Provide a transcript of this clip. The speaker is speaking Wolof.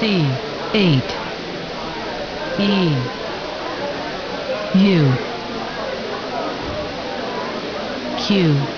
C eight E U Q